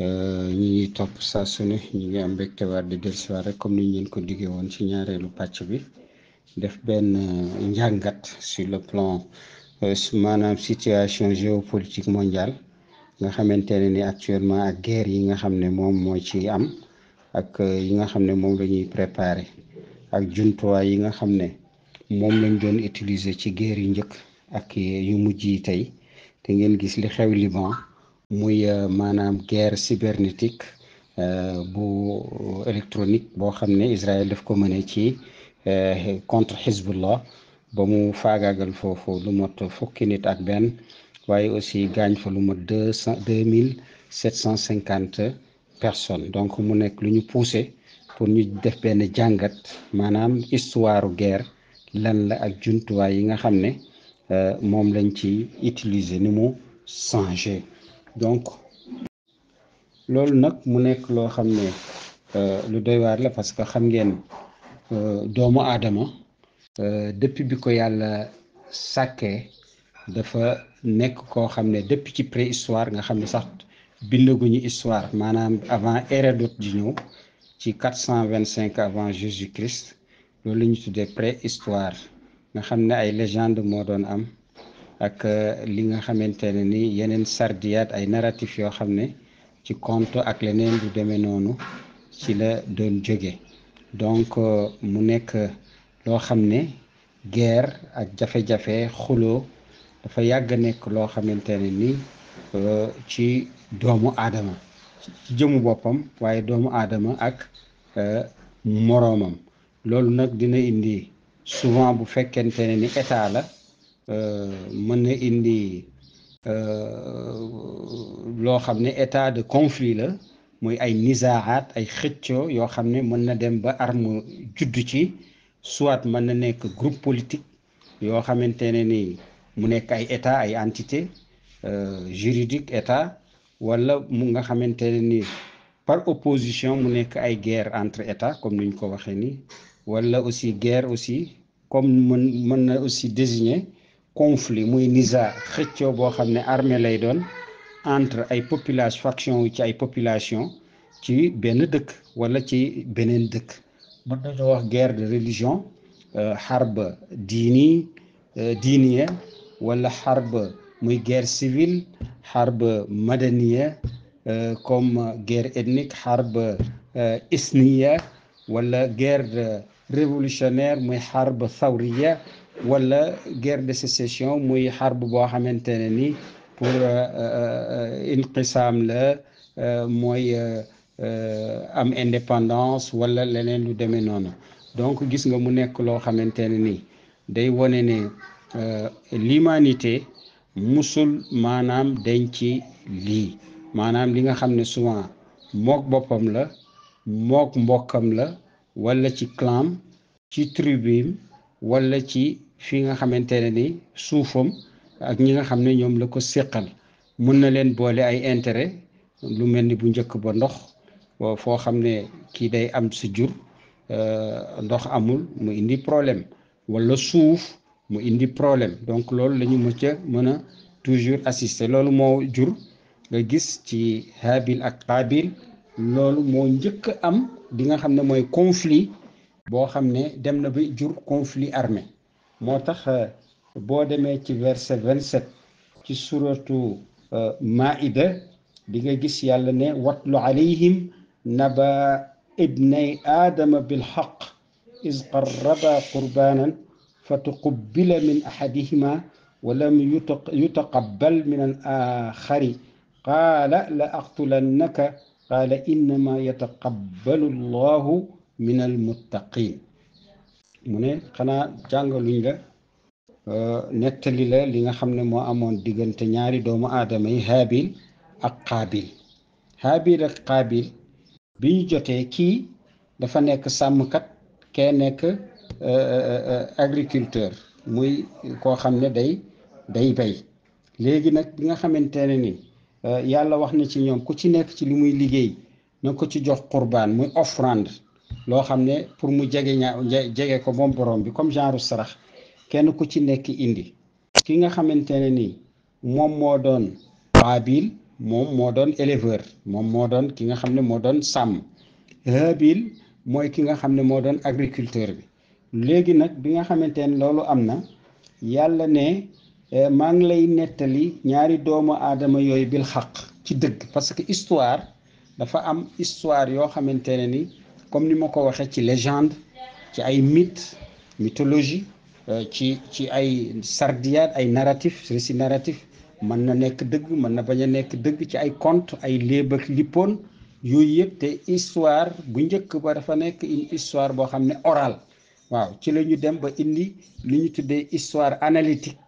Euh, ñu ñuy topp sa su ñu ngi am mbégte waat di dellusiwaat rek comme ni ñu leen ko diggee woon ci ñaareelu pàcc bi def benn euh, njàngat sur le plan euh, maanaam situation géopolitique mondial nga xamante ne ni actuellement ak yi nga xam ne moom moo ci am ak yi nga xam ne moom la ñuy préparer ak jumtuwaay yi nga xam ne moom lañ doon utiliser ci guerre yu njëkk ak yu mujj yi tey te ngeen gis li xew Liban. muy euh, maanaam guerre cybernétique euh, bu électronique boo xam ne Israël daf ko mëne ci euh, contre Hezbollah ba mu faagaagal foofu lu mot fukki nit ak benn waaye aussi gaañ fa lu mot deux cent deux mille sept cent cinquante personnes donc mu nekk lu ñu poussé pour ñu def benn jàngat maanaam histoire guerre lan la ak jumtuwaay yi nga xam ne moom lañ ci utiliser ni mu changé. donc loolu nag mu nekk loo xam ne euh, lu doy waar la parce que xam ngeen euh, doomu aadama euh, depuis bi ko yàlla sàkkee dafa nekk koo xam ne depuis ci préhistoire nga xam ne sax bindaguñu histoire maanaam avant Hérodote di ñëw ci quatre cent vingt cinq avant Jésus-Christ loolu la ñu tuddee préhistoire nga xam ne ay légende moo doon am. ak euh, li nga xamante ne ni yeneen sardiyaat ay narratif yoo xam ne ci conte ak leneen lu demee noonu ci la doon jóge donc euh, mu nekk loo xam ne guerre ak jafe-jafe xuloo dafa yàgg nekk loo xamante ne ni euh, ci doomu aadama ci jëmu boppam waaye doomu aadama ak moroomam loolu nag dina indi souvent bu fekkente ni état la Euh, mën na indi euh, loo xam ne état de conflit la mooy ay nisaat ay xëccoo yoo xam ne mën na dem ba arme judd ci soit mën na nekk groupe politique yoo xamante ne ni mu nekk ay état ay entité euh, juridique état wala mu nga xamante ne ni par opposition mu nekk ay guerre entre état comme ni ko waxee nii wala aussi guerre aussi comme mën mën na aussi désigner conflit muy nizaa xëccoo boo xam ne armée lay doon entre ay population faction ci ay population ci benn dëkk wala ci beneen dëkk mën nañoo wax guerre de religion xarba euh, diini euh, diiniya wala xarba muy ger civile xarba madaniya euh, comme ger ethnique xarba isniya wala guerre révolutionnaire muy xarba thawriya wala guerre de sécession muy xarb boo xamante ne ni pour euh, euh, euh, inqisaam la mooy am indépendance walla leneen lu demee noonu donc gis nga mu nekk loo xamante ne ni day wone ne l'humanité musul maanaam ci lii maanaam li nga xam ne souvent mook boppam la mook mbokkam la wala ci clan ci tribum wala ci fi nga xamante ne ni suufam ak ñi nga xam ne ñoom la ko séqal mun na leen boole ay intérêt lu mel ni bu njëkk ba ndox foo xam ne kii day am si jur euh, ndox amul mu indi problème walla suuf mu indi problème donc loolu lañu ñu mën a mën a toujours assister loolu moo jur nga gis ci Haabil ak Qaabil loolu moo njëkk am di nga xam ne mooy conflit boo xam ne dem na bi jur conflit armé moo tax euh, boo demee ci verset 27 ci suratu euh, maida di nga gis yàlla ne watlu alayhim naba ibnay aadama bilxaq is qarraba qurbaanan fa tuqubbila min ahadihima walam yutaqabbal min al axari qaala la aqtulannaka qaala innama yataqabbalu minal muttaqin mu ne xanaa jàngaluñ la euh, nettali la li nga xam ne moo amoon diggante ñaari doomu aadama yi haabil ak qaabil haabil ak qaabil bi ñu jotee kii dafa nekk sàmmkat kee nekk euh, euh, agriculteur muy koo xam ne day day bay léegi nag bi nga xamante ne ni yàlla wax na ci ñoom ku ci nekk ci li muy liggéey na ko ci jox qurbaan muy offrande loo xam ne pour mu jege ña jege ko moom borom bi comme genre sarax kenn ku ci nekk indi ki nga xamante ne nii moom moo doon Baabil moom moo doon éleveur moom moo doon ki nga xam ne moo doon sàmm Haabil mooy ki nga xam ne moo doon agriculteur bi léegi nag bi nga xamante ne loolu am na yàlla ne eh, maa ngi lay nettali ñaari doomu aadama yooyu bil xaq ci dëgg parce que histoire dafa am histoire yoo xamante ne ni comme ni ma ko waxee ci légende ci ay mythe mythologie euh, ci ci ay sardiyaat ay narratif récit narratif mën na nekk dëgg mën na bañ a nekk dëgg ci ay conte ay léeb ak lippoon yooyu yëpp te histoire bu njëkk ba dafa nekk une histoire boo xam ne orale waaw ci la ñu dem ba indi lu ñu tuddee histoire analytique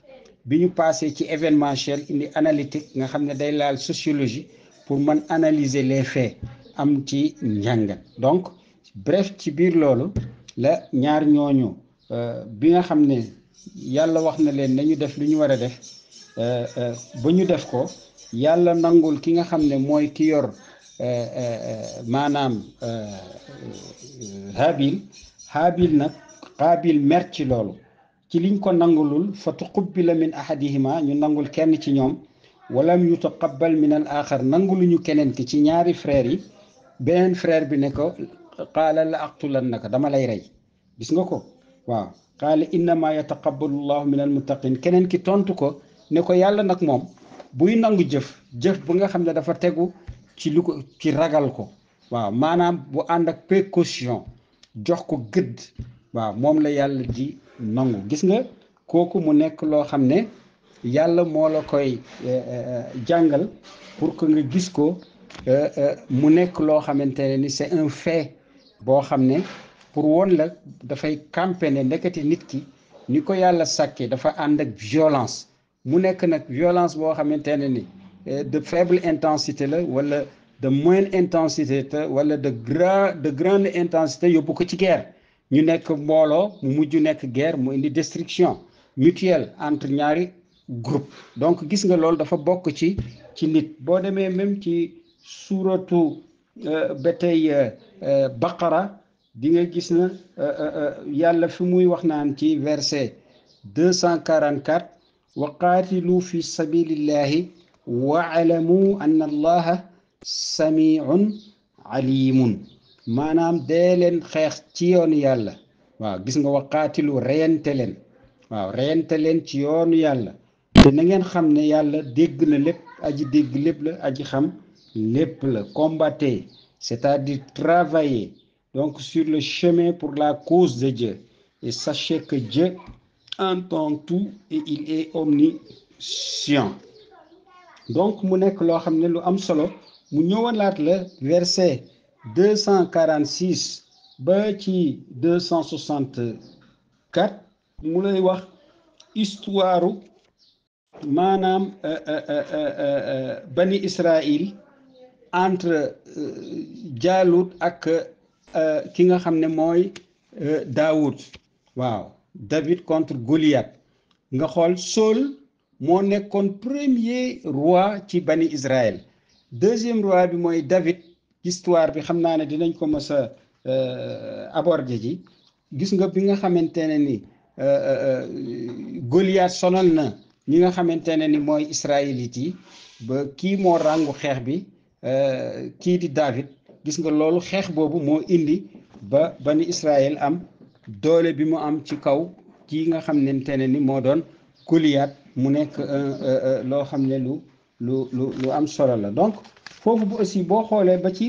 bi ñu passé ci événementiel indi analytique nga xam ne day laal sociologie pour man analyser les faits am ci njàngat bref ci biir loolu la ñaar ñooñu euh, bi nga xam ne yàlla wax na leen nañu def lu ñu war a def euh, euh, ba ñu def ko yàlla nangul ki nga xam ne mooy ki yor maanaam habil habil nag xaabil mer ci loolu ci liñ ko nangulul fa tuqubbila min ahadihima ñu nangul kenn ci ñoom walam yutaqabbal min al axar nanguluñu keneen ki ci ñaari frères yi beneen frère bi ne ko qaala la aqtulannaka dama lay rey gis nga ko waaw qaala innama yataqabbalu llahu min almuttaqin keneen ki tontu ko ne ko yàlla nag moom buy nangu jëf jëf bu nga xam ne dafa tegu ci lu ko ci ragal ko waaw maanaam bu ànd ak précaution jox ko gëdd waaw moom la yàlla ji nangu gis nga kooku mu nekk loo xam ne yàlla moo la koy eh, eh, jàngal pour que nga gis ko eh, mu nekk loo xamante ne ni c'est un fait boo xam ne pour woon la dafay campé ne nekkati nit ki ni ko yàlla sàkkee dafa ànd ak violence mu nekk nag violence boo xamante ne ni eh, de faible intensité la wala de moyenne intensité te wala de grand de grande intensité yóbbu ko ci guerre ñu nekk mbooloo mu mujj nekk guerre mu indi destruction mutuelle entre ñaari groupe donc gis nga loolu dafa bokk ci ci nit boo demee même ci suuratu Euh, ba tey euh, euh, baqara di nga gis na yàlla fi muy wax naan ci verset deux cent quarante quatre wa qaatilu fi sabilillahi waalamu anna allaha samiun alimun maanaam dee leen xeex ci yoon yàlla waaw gis nga wa qaatilu reyante leen waaw reyante leen ci yoonu yàlla te xam ne yàlla dégg na lépp aji dégg lépp la aji xam lépp la combaté c'est-à-dire travailler donc sur le chemin pour la cause de Dieu et sachez que Dieu entend tout et il est omniscient donc mu nekk loo xam ne lu am solo mu ñëwalaat la verset deux cent quarante six ba ci deux cent soixante quatre mu lay wax histoire maanaam euh, euh, euh, bani Israël. entre euh, Jaalut ak euh, ki nga xam ne mooy euh, Daoud waaw David contre Goliath nga xool sol moo nekkoon premier roi ci bani Israël deuxième roi bi mooy David histoire bi xam naa ne dinañ ko mësa a aborder ji gis nga bi nga xamante ne ni Goliath sonal na ñi nga xamante ne ni mooy israélite yi ba kii moo ràngu xeex bi Eh, kii di David gis nga loolu xeex boobu moo indi ba bani Israël am doole bi mu am ci kaw kii nga xam ne ne ni moo doon Goliath mu nekk eh, eh, loo xam ne lu lu lu am solo la donc foofu ba aussi boo xoolee ba ci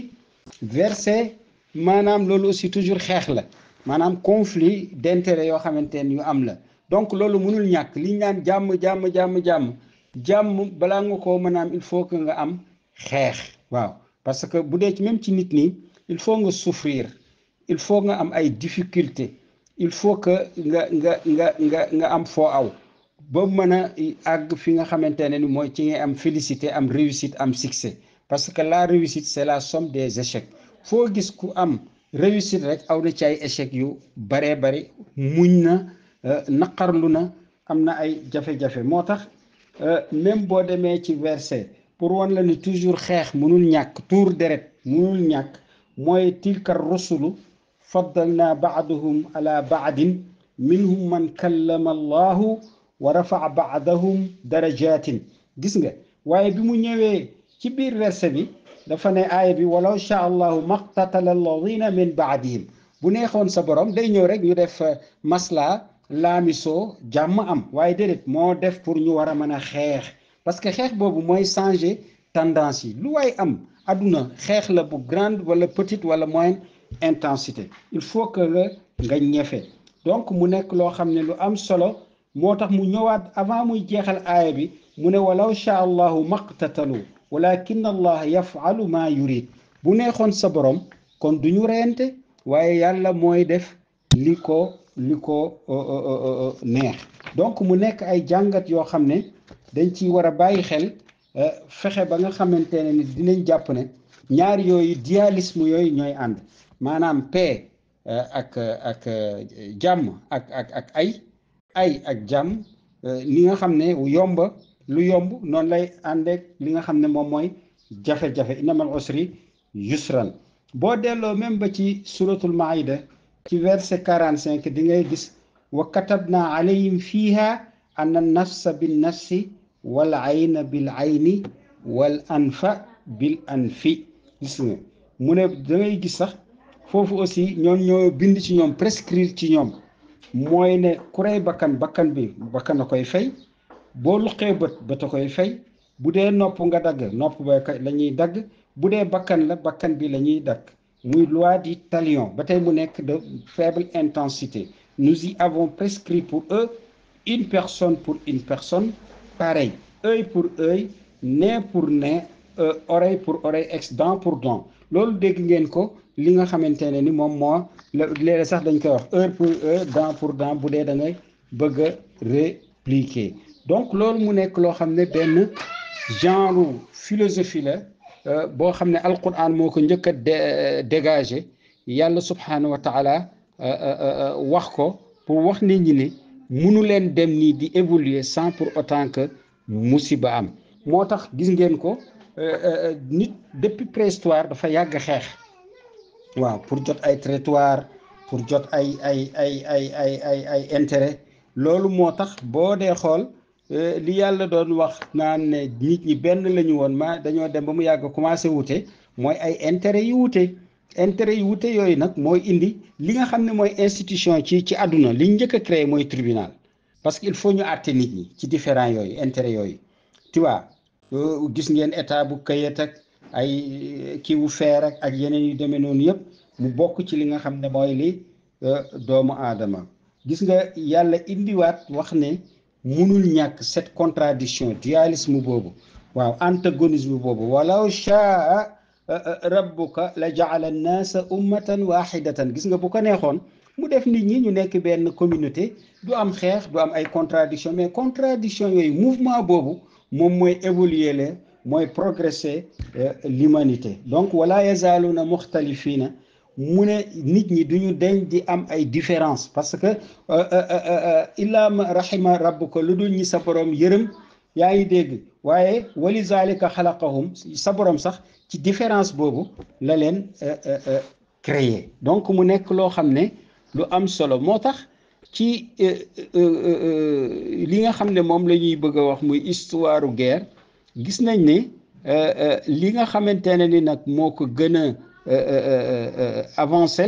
verset maanaam loolu aussi toujours xeex la maanaam conflit d'intérêt yoo xamante ne yu am la donc loolu mënul ñàkk li ñu jàmm jàmm jàmm jàmm jàmm balaa nga ko mën il faut que nga am xeex. waaw parce que bu dee ci même ci nit nii il faut nga souffrir il faut nga am ay difficultés il faut que nga nga nga nga nga am foo aw ba mën a àgg fi nga xamante ne ni mooy ci ngay am félicité am réussite am succès parce que la réussite c'est la somme des échecs foo gis ku am réussit rek aw na ci ay échecs yu baree bari muñ na euh, naqarlu na am na ay jafe-jafe moo tax euh, même boo demee ci verset pour wan la ni toujours xeex mënul ñàkk tuur deret mënul ñàkk mooy tilka rusulu na baaduhum ala baadin minhum man kallama allahu wa rafaa baadahum darajatin gis nga waaye bi mu ñëwee ci biir verset bi dafa ne aaya bi walaw sha allahu maqtatala alladina min baadihim bu neexoon sa borom day ñëw rek ñu def euh, masla laamisoo jàmm am waaye déedéet moo def pour ñu war a mën a xeex parce que xeex boobu mooy changer tendance yi lu waay am àdduna xeex la bu grand wala petite wala moyenne intensité il faut que nga nga ñefe donc mu nekk loo xam ne lu am solo moo tax mu ñëwaat avant muy jeexal aaya bi mu ne walaw shaa allahu maqtatalu walakin allah yafalu ma yurid bu neexoon sa borom kon du ñu reyante waaye yàlla mooy def li ko li ko euh, euh, euh, neex donc mu nekk ay jàngat yoo xam ne dañ ci war a bàyyi xel euh, fexe ba nga xamante ne ni dinañ jàpp ne ñaar yooyu dualisme yooyu ñooy ànd maanaam paix euh, ak ak jàmm ak ak ak ay ay ak jàmm li euh, nga xam ne yomba lu yomb noonu lay àndeek li nga xam ne moom mooy jafe-jafe inamal usri yusran boo delloo même ba ci suratul maida ci verset quarante cinq di ngay gis wa katabna alayhim fiha anna nafsa bin nafsi wal ayna bil ayni wal anfa bil anfi gis nga mu ne da gis sax foofu aussi ñoom ñoo bind ci ñoom prescrire ci ñoom mooy ne ku bakkan bakkan bi bakkan a koy fay boo luqee bët bët a koy fay bu dee nopp nga dagg nopp ba la ñuy dagg bu dee bakkan la bakkan bi la ñuy dagg muy loi di talion ba tey mu nekk de faible intensité nous y avons prescrit pour eux une personne pour une personne pareil, œil pour œil, nez pour nez, euh, oreille pour oreille ex dent pour dent loolu dégg ngeen ko li nga xamante ne ni moom moo léeg sax dañ koy wax heure pour heure dent pour dent bu dee da ngay bëgg a répliquer donc loolu mu nekk loo xam ne benn genre philosophie la euh, boo xam ne alquran moo ko njëkk a euh, dégager yàlla subhanahu wa wax ko pour wax ni ñi ni munu leen dem nii di évoluer sans pour autant que musiba am moo tax gis ngeen ko euh, euh, nit depuis préhistoire dafa yàgg xeex waaw pour jot ay territoire pour jot ay ay ay ay ay ay ay intérêt loolu moo tax boo dee xool euh, li yàlla doon wax naan ne nit ñi benn la ñu woon ma dañoo dem ba mu yàgg commencé wute mooy ay intérêt yu wute intérêt yi wute yooyu nag mooy indi li nga xam ne mooy institution ci ci àdduna li njëkk a mooy tribunal parce que il faut ñu àtte nit ñi ci différent yooyu intérêt yooyu tu vois euh, gis ngeen état bu kayit ak ay euh, kii wu feer ak ak yeneen yu demee noonu yëpp mu bokk ci li nga xam ne mooy li euh, doomu aadama gis nga yàlla indiwaat wax ne munul ñàkk set contradiction dualisme boobu waaw antagonisme boobu walaw shaa rabbuka la jaala annaasa ummatan waxidatan gis nga bu ko neexoon mu def nit ñi ñu nekk benn communauté du am xeex du am ay contradiction mais contradiction yooyu mouvement boobu moom mooy évoluer le mooy progresser euh, l'humanité donc wala yazaaluuna muxtalifina mu ne nit ñi du ñu deñ di am ay différence parce que euh, euh, illaa ma rahima rabbuka lu dul ñi sa borom yërëm yaa ngi dégg waaye wali zalika xalaqahum sa borom sax ci différence boobu la leen euh, euh, euh, créer donc mu nekk loo xam ne lu am solo moo tax ci li nga xam ne moom la ñuy bëgg a wax muy histoire guerre gis nañ ne li nga xamante ne ni nag moo ko gën a avancé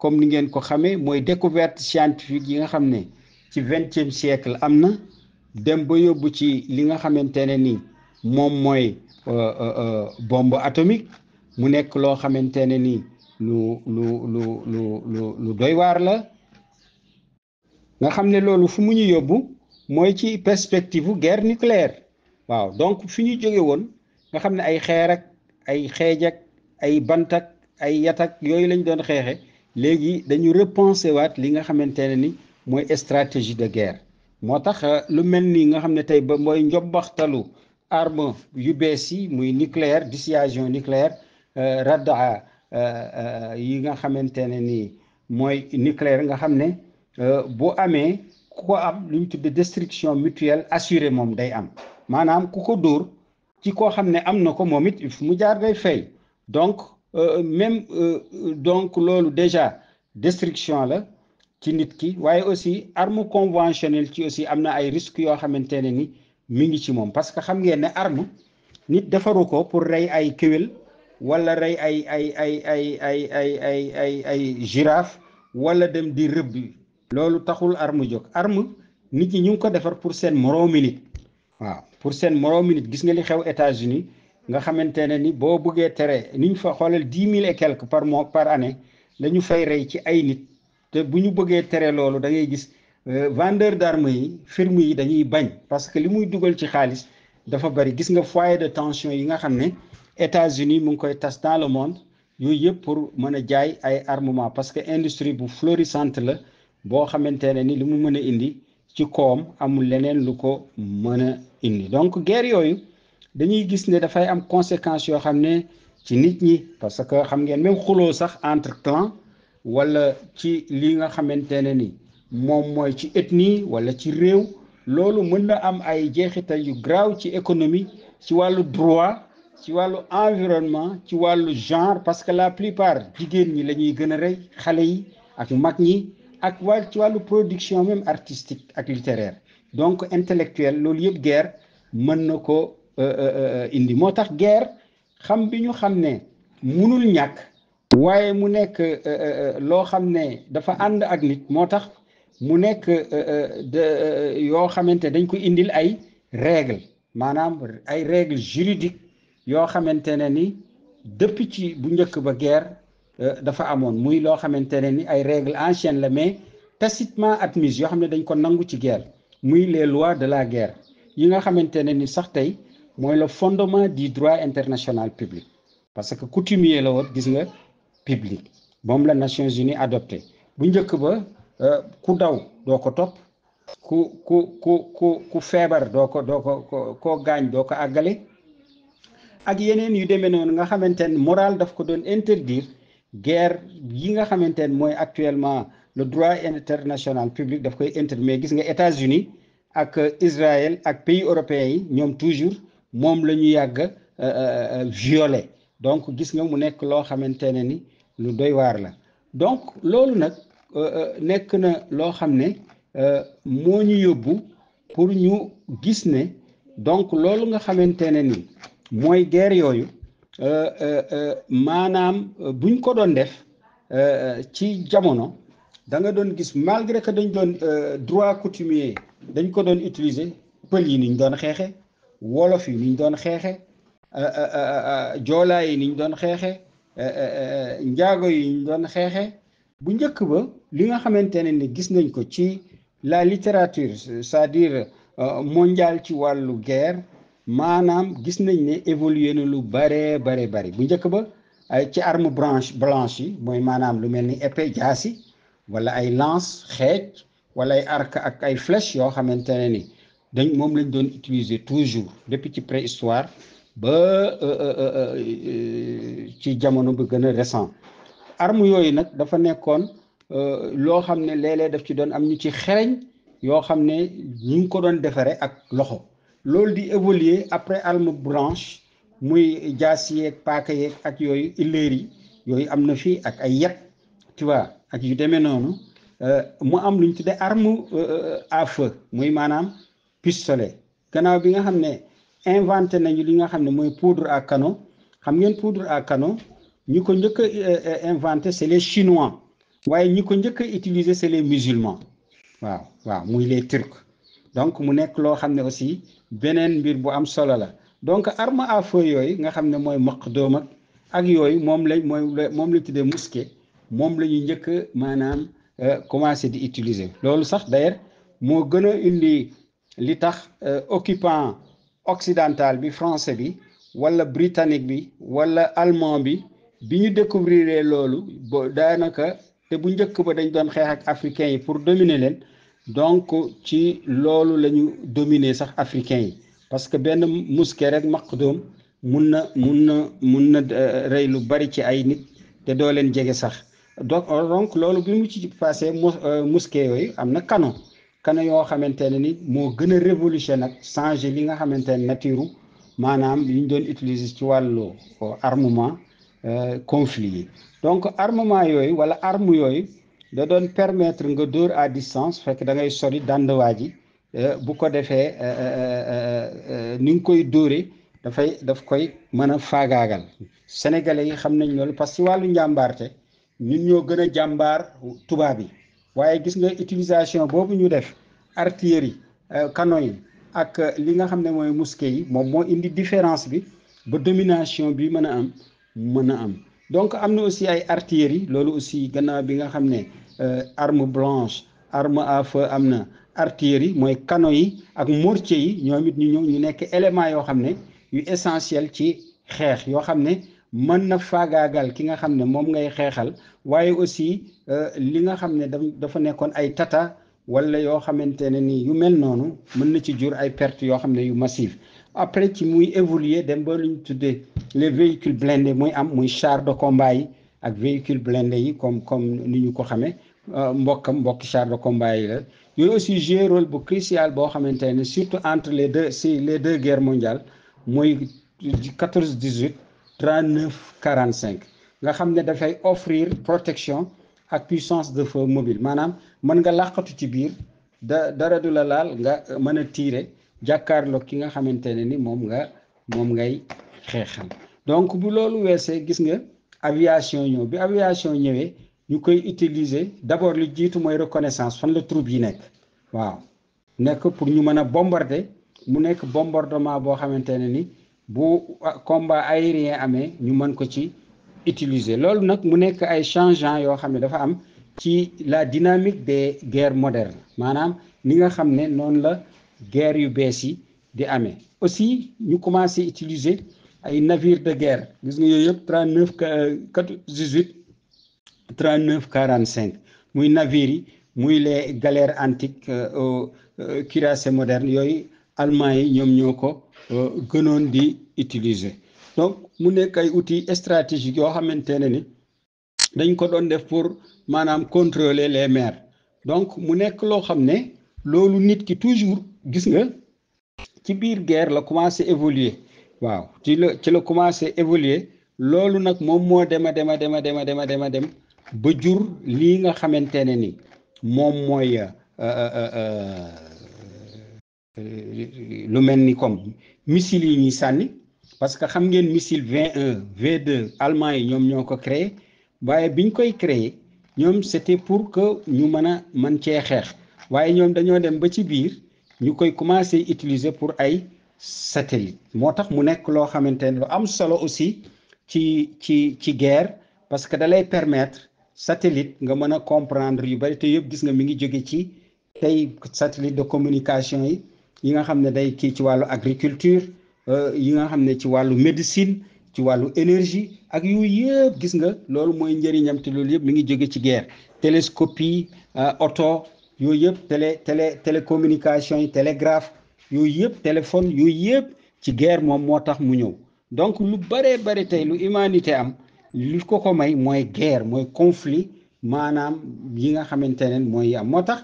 comme ni ngeen ko xamee mooy découverte scientifique yi nga xam ne ci vingtième siècle am na dem ba yóbbu ci li nga xamante ne ni moom mooy euh, euh, euh, bomb atomique mu nekk loo xamante ne ni lu lu lu lu lu doy waar la nga xam ne loolu fu mu ñu yóbbu mooy ci perspective guerre nucléaire waaw donc fi ñu jóge woon nga xam ne ay xeer ak ay xeej ak ay bant ak ay yat ak yooyu lañ doon xeexe léegi dañu repenser waat li nga xamante ne ni mooy stratégie de guerre moo tax euh, lu mel nii nga xam ne tey ba mooy njobbaxtalu arme yu bees yi muy nucléaire dissuasion nucléaire euh, radaa euh, yi nga xamante ne nii mooy nucléaire nga xam ne bu amee ku ko am lu ñu tudde destruction mutuelle assurée moom day am maanaam ku ko dóor ci koo xam ne am na ko moom it mu jaar day fay donc même donc loolu déjà destruction la ci nit ki waaye aussi arme conventionnelle ci aussi am na ay risques yoo xamante ne ni mi ngi ci moom parce que xam ngee ne arme nit defaru ko pour rey ay kéwél wala rey ay ay ay ay ay ay ay ay ay girafe wala dem di rëbbi loolu taxul arme jóg arme nit ñi ñu ngi ko defar pour seen moroomi nit waaw pour seen moroomi nit gis nga li xew États-Unis nga xamante ne ni boo bëggee tere ñu fa xoolal dix mille et quelque par mois par année la ñu fay rey ci ay nit te bu ñu bëggee tere loolu da ngay gis euh, vendeur d'armes yi firme yi dañuy bañ parce que li muy dugal ci xaalis dafa bari gis nga foyer de tension yi nga xam ne États-Unis mu ngi koy tas dans le monde yooyu yëpp pour mën a jaay ay armement parce que industrie bu florissante la boo xamante ne ni li mu mën a indi ci koom amul leneen lu ko mën a indi donc ger yooyu dañuy gis ne dafay am conséquence yoo xam ne ci nit ñi parce que xam ngeen même xuloo sax entre clan wala ci li nga xamante ne ni moom mooy ci ethnie wala ci réew loolu mën na am ay jeexital yu graaw ci économie ci wàllu droit ci wàllu environnement ci wàllu genre parce que la plupart jigéen ñi la ñuy gën a rey xale yi ak mag ñi ak wàll ci wàllu production même artistique ak littéraire donc intellectuel loolu yëpp guerre mën na ko euh, euh, euh, indi moo tax guerre xam bi ñu xam ne mënul ñàkk waaye mu nekk euh, euh, euh, loo xam ne dafa ànd ak nit moo tax mu nekk de yoo xamante dañ ko indil ay règle maanaam ay règle juridique yoo xamante ne ni depuis ci bu njëkk ba guerre dafa amoon muy loo xamante ne ni ay règle ancienne la mais tacitement admise yoo xam ne dañ ko nangu ci guerre muy les lois de la guerre yi nga xamante ne ni sax tey mooy le fondement du droit international public parce que coutumier la woon gis nga publique moom la Nations Unies adopté bu njëkk ba euh, ku daw doo ko topp ku ku ku ku ku feebar doo ko doo ko koo gaañ doo ko àggale ak yeneen yu demee noonu nga xamante ne moral daf ko doon interdire guerre yi nga xamante ne mooy actuellement le droit international public daf koy interdire mais gis nga États-Unis ak Israël ak pays européens yi ñoom toujours moom la ñu yàgg euh, euh, violer donc gis nga mu nekk loo xamante ni lu doy waar la donc loolu nag euh, euh, nekk na loo xam ne euh, moo ñu yóbbu pour ñu gis ne donc loolu nga xamante ne nii mooy guerre yooyu maanaam buñ ko doon def ci jamono da nga doon gis malgré que dañ doon droit coutumier dañ ko doon utiliser pël yi niñ doon xeexe wolof yi niñ doon xeexe joolaa yi niñ doon xeexe Eh, eh, eh, njaago yi ñu doon xeexee bu njëkk ba li nga xamante ne ni gis nañ ko ci la littérature c'est-à-dire euh, mondiale ci wàllu guerre maanaam gis nañ ne évolué na lu bare bare bari bu njëkk ba ay ci arme branche blanche yi mooy maanaam lu mel ni épée jaasi wala ay lance xeej wala ay arc ak ay flèche yoo xamante ne ni dañ moom lañ doon utiliser toujours depuis ci préhistoire ba euh, euh, euh, ci jamono ba gën a récent armu yooyu nag dafa nekkoon loo xam ne léeg-léeg daf ci doon am ñu ci xereñ yoo xam ne ñu ngi ko doon defaree ak loxo loolu di évoluer après arme blanche muy jaas yeeg paaka yeeg ak yooyu illéer yi yooyu am na fi ak ay yet tu ak yu demee noonu mu am luñ ñu tuddee armu à feu muy maanaam pistolet gannaaw bi nga xam ne inventé nañu li nga xam ne mooy poudre à kano xam ngeen poudre à kano ñi ko njëkk a euh, euh, inventé c'est les chinois waaye ñi ko njëkk a utiliser c'est les musulmans waaw waaw muy les turcs donc mu nekk loo xam ne aussi beneen mbir bu am solo la donc arme à feu yooyu nga xam ne mooy maq doom ak yooyu moom lañ mooy moom la tuddee mousquet moom la ñu njëkk maanaam euh, commencé di utiliser loolu sax d'ailleurs moo gën indi li tax occupant occidental bi français bi wala britannique bi wala allemand bi bi ñu découvrir loolu daanaka te bu njëkk ba dañ doon xeex ak africains yi pour dominer leen donc ci loolu la ñu dominer sax africains yi parce que benn mousquet rek doom mun na mun na mun na euh, rey lu bari ci ay nit te doo leen jege sax donc donc loolu bi mu ci passé mousquet euh, yooyu am na canon kana yoo xamante ne ni moo gën a révolution nag changer li nga xamante ne nature maanaam yi doon utiliser ci wàllu euh, armement euh, conflit yi donc armement yooyu wala arme yooyu da doon permettre nga dóor à distance fekk da ngay sori dàndwaa ji euh, bu ko defee ni nga koy dóoree dafay daf koy mën a faagaagal sénégalais yi xam nañ loolu parce que wàllu njàmbaarte ñun ñoo gën a jàmbaar tubaab yi waaye gis nga utilisation boobu ñu def artillerie yi euh, canon yi ak euh, li nga xam ne mooy mousquet yi moom moo indi différence bi ba domination bi mën a am mën a am donc am na aussi ay artillerie yi loolu aussi gannaaw bi nga xam ne euh, arme blanche arme à am na artillerie yi mooy canon yi ak mortier yi ñoom it ñu ñëw ñu nekk élément yoo xam ne yu essentiel ci xeex yoo xam ne mën na faagaagal ki nga xam ne moom ngay xeexal waaye aussi euh, li nga xam ne dafa nekkoon ay tata wala yoo xamante ne ni yu mel noonu mën na ci jur ay pertes yoo xam ne yu massive après ci muy évoluer dem ba lu ñu tuddee le véhicules blindés muy am muy char de combat yi ak véhicules blindés yi comme comme ni ñu ko xamee euh, mbokka mbokki char de combat yi la yooyu aussi joué rôle bu crucial boo xamante ne surtout entre les deux si les deux guerres mondiales mooy 14 18. 39 45 nga xam ne dafay offrir protection ak puissance de feu mobile maanaam mën nga làqatu ci biir da dara du la laal nga mën a tiire jàkkaarloo ki nga xamante ne ni moom nga moom ngay xeexal donc bu loolu weesee gis nga aviation ñëw bi aviation ñëwee ñu koy utiliser d'abord lu jiitu mooy reconnaissance fan la troupe yi nekk waaw nekk pour ñu mën a bombarder mu nekk bombardement boo xamante ne ni bu ah, combat aérien amee ñu man ko ci utiliser loolu nag mu nekk ay changeant yoo xam ne dafa am ci la dynamique des guerres modernes maanaam ni nga xam ne noonu la guerre yu bees yi di amee aussi ñu commencé utiliser ay navires de guerre gis yooyu yëpp 39 98 39 45 muy navires yi muy les galères antiques euh, euh, cuirassés modernes yooyu allemands yi ñoom ñoo ko Euh, gënoon di utiliser donc mu nekk ay outils stratégiques yoo xamante ne ni dañ ko doon def pour maanaam contrôler les maires donc mu nekk loo xam ne loolu nit ki toujours gis nga ci biir guerre la commencé évoluer waaw ci la ci la commencé évoluer loolu nag moom moo dema dema dema dema dema dema dem ba jur lii nga xamante ne ni moom mooy euh, euh, lu mel ni comme missile yi ñuy sànni parce que xam ngeen missile V1 V2 allemand yi ñoom ñoo ko créé waaye biñ koy créer ñoom c'était pour que ñu mën a mën cee xeex waaye ñoom dañoo dem ba ci biir ñu koy commencé utiliser pour ay satellite moo tax mu nekk loo xamante ne lu am solo aussi ci ci ci guerre parce que dalay lay permettre satellite nga mën a comprendre yu bari te yëpp gis nga mi ngi jóge ci tey satellite de communication yi yi nga xam ne day kii ci wàllu agriculture euh, yi nga xam ne ci wàllu médecine ci wàllu énergie ak yu yëpp gis nga loolu mooy njëriñam te loolu yëpp mi ngi jógee ci guerre télescopie oto euh, yooyu yëpp télé télé télécommunication yi télégraphe yooyu yëpp téléphone yooyu yëpp ci guerre moom moo tax mu ñëw donc lu baree bari tey lu humanité am lu ko ko may mooy guerre mooy conflit maanaam yi nga xamante ne mooy am moo tax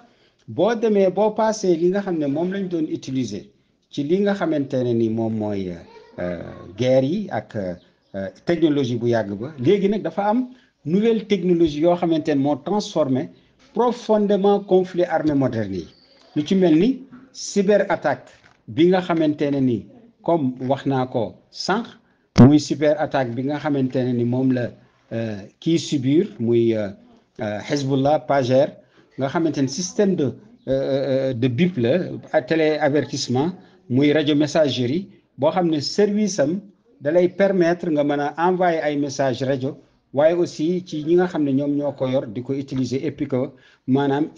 boo demee boo paasee li nga xam ne moom lañ doon utiliser ci li nga xamante ne ni moom mooy euh, guerre yi ak euh, technologie bu yàgg ba léegi nag dafa am nouvelle technologie yoo xamante ne moo transformé profondément conflit armé moderne yi lu ci mel ni cyber attaque bi nga xamante ne ni comme wax naa ko sànq muy cyber attaque bi nga xamante ne ni moom la euh, kii subir muy Hezbollah Pager nga xamante ne système de euh, euh, de bip la télé avertissement muy rajo messagerie boo xam ne service am dalay lay permettre nga mën a envoyé ay message rajo waaye aussi ci ñi nga xam ne ñoom ñoo ko yor di ko utiliser et maanaam que euh, maanaam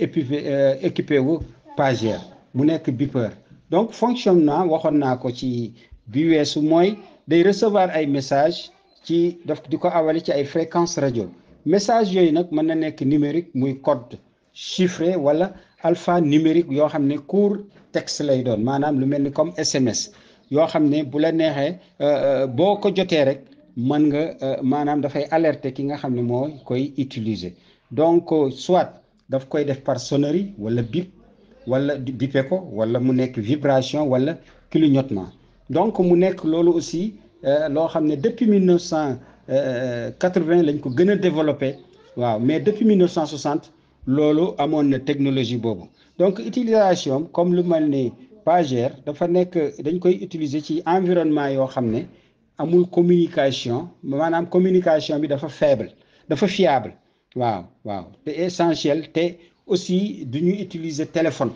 équipé wu pageur mu nekk bipeur donc fonctionnement waxoon naa ko ci bi weesu mooy day recevoir ay message ci daf di ko awale ci ay fréquence rajo message yooyu nag mën na nekk numérique muy code chiffré wala alphanumérique yoo xam ne court texte lay doon maanaam lu mel ni comme SMS yoo xam ne bu la neexee euh, euh, boo ko jotee rek man nga euh, maanaam dafay alerter ki nga xam ne moo koy utiliser donc soit daf koy def par sonnerie wala bip wala bipe ko wala mu nekk vibration wala clignotement donc mu nekk loolu aussi loo xam ne depuis 1980 lañ ko gën a développé waaw mais depuis loolu amoon na technologie boobu donc utilisation comme lu mel ni pager dafa nekk dañ koy utiliser ci environnement yoo xam ne amul communication maanaam communication bi dafa faible dafa fiable waaw waaw te essentiel te aussi du ñu utiliser téléphone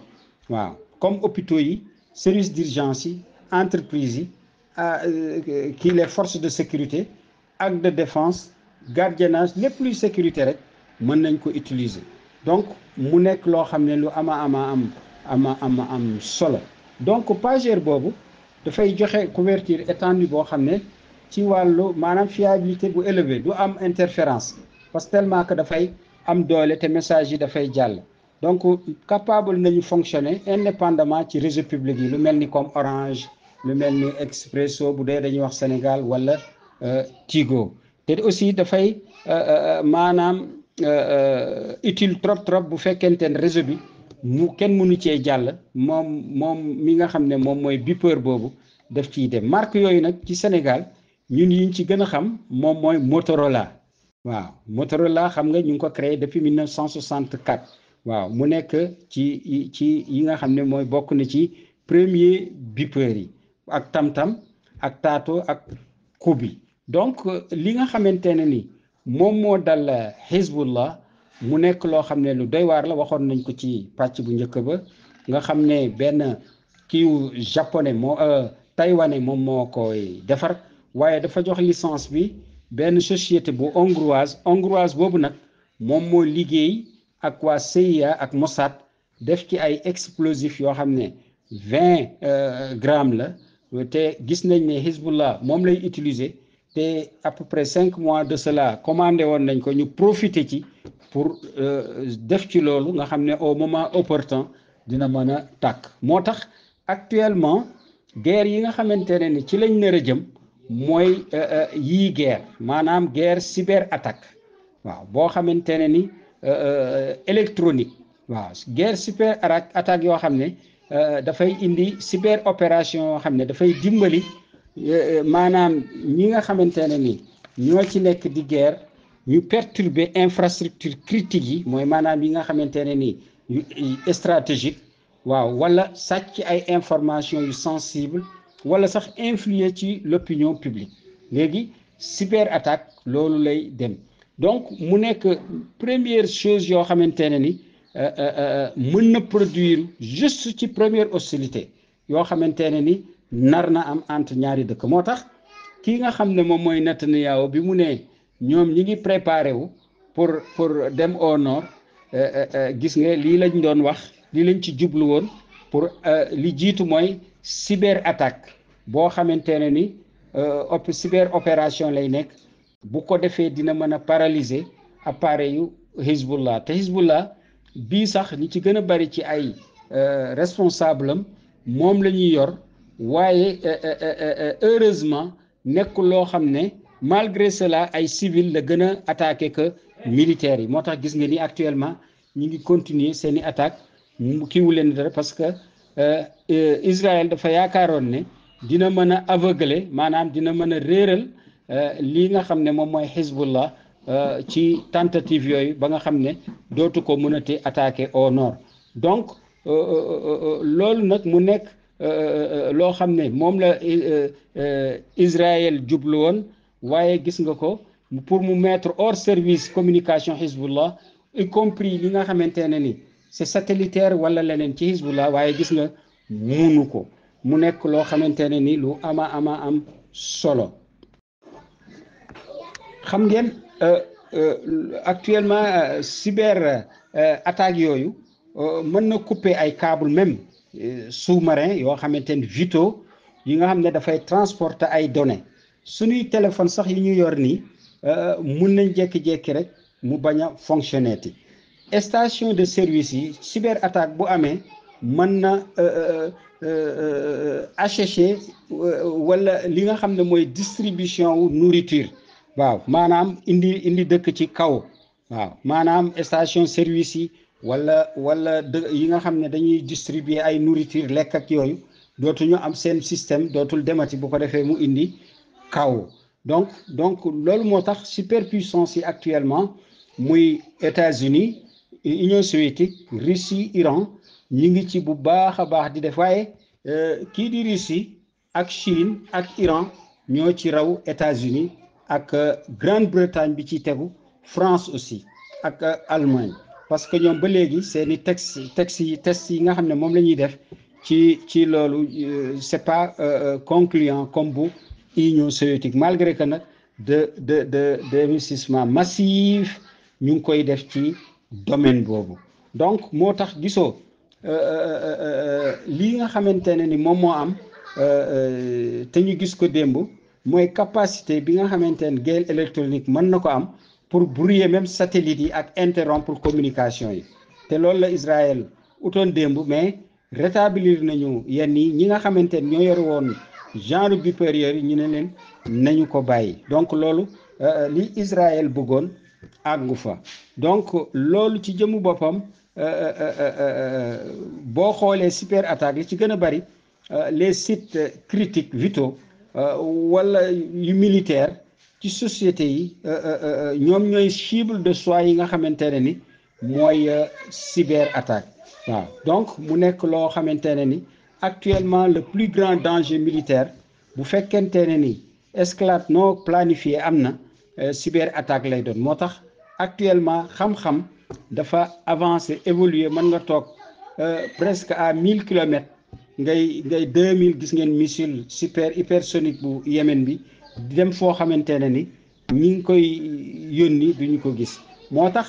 waaw comme hôpitaux yi service d'urgence yi entreprise yi ah, euh, kii les force de sécurité ak de défense gardiennage lépp luy sécurité rek mën nañ ko utiliser donc mu nekk loo xam ne lu ama ama am ama ama am solo donc pageur boobu dafay joxe couverture étendue boo xam ne ci wàllu maanaam fiabilité bu élevé du am interférence parce que tellement que dafay am doole te message yi dafay jàll donc capable nañu fonctionner indépendamment ci réseau public yi lu mel ni comme Orange lu mel ni Expresso bu dee dañuy wax Sénégal wala euh, Tigo te aussi dafay euh, euh, maanaam Euh, euh, utile trop trop bu fekkente ne réseau bi mu kenn mënu cee jàll moom moom mi nga xam ne moom mooy bippeur boobu def ci dem marque yooyu nag ci Sénégal ñun yiñ ci gën a xam moom mooy Motorola waaw Motorola xam nga ñu ngi ko créé depuis 1964 waaw mu nekk ci ci yi nga xam ne mooy bokk na ci premier bipeur yi ak tam-tam ak taato ak kubi donc li nga xamante ne ni moom moo dal xizbullah mu nekk loo xam ne lu doy la waxoon nañ ko ci pàcc bu njëkk ba nga xam ne benn kiiw japone moo euh, taïwanais moom moo koy defar waaye dafa jox licence bi benn société bu hongroise hongroise boobu nag moom moo liggéey ak waa CIA ak Mossad def ci ay explosif yoo xam ne vingt euh, grammes la te gis nañ ne Hezbollah moom lay utiliser te à peu cinq mois de cela commandé woon nañ ko ñu profiter ci pour euh, def ci loolu nga xam ne au moment opportun dina mën a tàkk moo tax actuellement guerre yi nga xamante ne ni ci lañ nar a jëm mooy euh, euh, yii guerre maanaam guerre cyber attaque waaw boo xamante ne ni électronique waaw guerre cyber attaque yoo xam ne dafay indi cyber opération yoo xam ne dafay dimbali. Eh, maanaam ñi nga xamante ne ni ñoo ci nekk di guerre ñu perturber infrastructure critique yi mooy maanaam yi nga xamante ne ni yu waaw wala sàcc ay information yu sensible wala sax influer ci l'opinion publique léegi cyber attaque loolu lay dem donc mu nekk première chose yoo xamante ne ni euh, euh, euh, mën na produire juste ci première hostilité yoo xamante ne ni nar na am entre ñaari dëkk moo tax kii nga xam ne moom mooy Netanyahu bi mu nee ñoom ñi ngi préparé wu pour pour dem au nord euh, euh, euh, gis nga lii lañ doon wax lii lañ ci jublu woon pour li jiitu mooy cyber attaque boo xamante ne ni op cyber opération lay nekk bu ko defee dina mën a paralyser appareil yu Hezbollah te Hezbollah bii sax ñi ci gën a bari ci ay responsable am moom la ñuy yor. waaye eh, eh, eh, heureusement nekkul loo xam ne malgré cela ay civil la gën a attaqué que militaires yi moo tax gis nga ni actuellement ñu ngi continuer seen i attaque kii wu leen dara parce que Israël dafa yaakaaroon ne dina mën a aveugler maanaam dina mën a réeral lii nga xam ne moom mooy Hezbollah ci tentative yooyu ba nga xam ne dootu ko mënati attaque au nord donc loolu nag mu nekk. Euh, euh, loo xam ne moom la euh, Israël jublu woon waaye gis nga ko pour mu mettre hors service communication Hizbullah y compris li nga xamante ne ni c'est satellitaire wala leneen ci Hizbullah waaye gis nga munu ko mu nekk loo xamante ne ni lu ama ama am solo xam ngeen actuellement cyber attaque yooyu mën na couper ay câble même Euh, sous-marins yoo xamante ni vitaux yi nga xam ne dafay transporter ay données suñuy téléphone sax yi ñu yor nii euh, mun nañ jékki-jékki rek mu bañ a fonctionner ti station de service yi cyber attaque bu amee man na euh, asséché wala li nga xam ne mooy distribution wu nourriture waaw maanaam indi indi dëkk ci kaw waaw maanaam station service yi wala wala dë yi nga xam ne dañuy distribuer ay nourriture lekk ak yooyu dootuñu am seen système dootul demati bu ko defee mu indi kaw donc donc loolu moo tax superpuissance yi actuellement muy États-Unis Union soviétique Russie Iran ñi ngi ci bu baax a baax di def waaye euh, kii di Russie ak Chine ak Iran ñoo ci raw États-Unis ak euh, Grande-Bretagne bi ci tegu France aussi ak euh, Allemagne parce que ñoom ba léegi seeni i texte texte yi test yi nga xam ne moom la ñuy def ci ci loolu euh, c'est pas euh, euh, concluant comme bu union soviétique malgré que nag de de de d'investissement massif ñu ngi koy def ci domaine boobu donc moo tax gisoo lii nga xamante ne ni moom moo am te ñu gis ko démb mooy capacité bi nga xamante ne guerre électronique mën na ko am pour brouiller même satellite yi ak interrompre communication yi te loolu la Israël utoon démb mais rétablir nañu yenn yi ñi nga xamante ne ñoo yor woon genre bipérieur yi ñu ne leen nañu ko bàyyi donc loolu euh, euh, li Israël bëggoon àggu fa donc loolu ci jëmu boppam euh, boo xoolee super attaque li ci gën a bari les sites critiques vito walla yu militaires ci société yi euh, euh, euh, ñoom ñooy cible de soi yi nga xamante ne ni mooy cyber attaque waaw donc mu nekk loo xamante ne ni actuellement le plus grand danger militaire bu fekkente ne ni escalade non planifier am na cyber attaque lay doon moo tax actuellement xam-xam dafa avancé évoluer mën nga toog presque à mille kilomètres ngay ngay deux mille gis ngeen missile super hypersonique bu Yémen bi dem foo xamante ne ni ñi ngi koy yónni duñu ko gis moo tax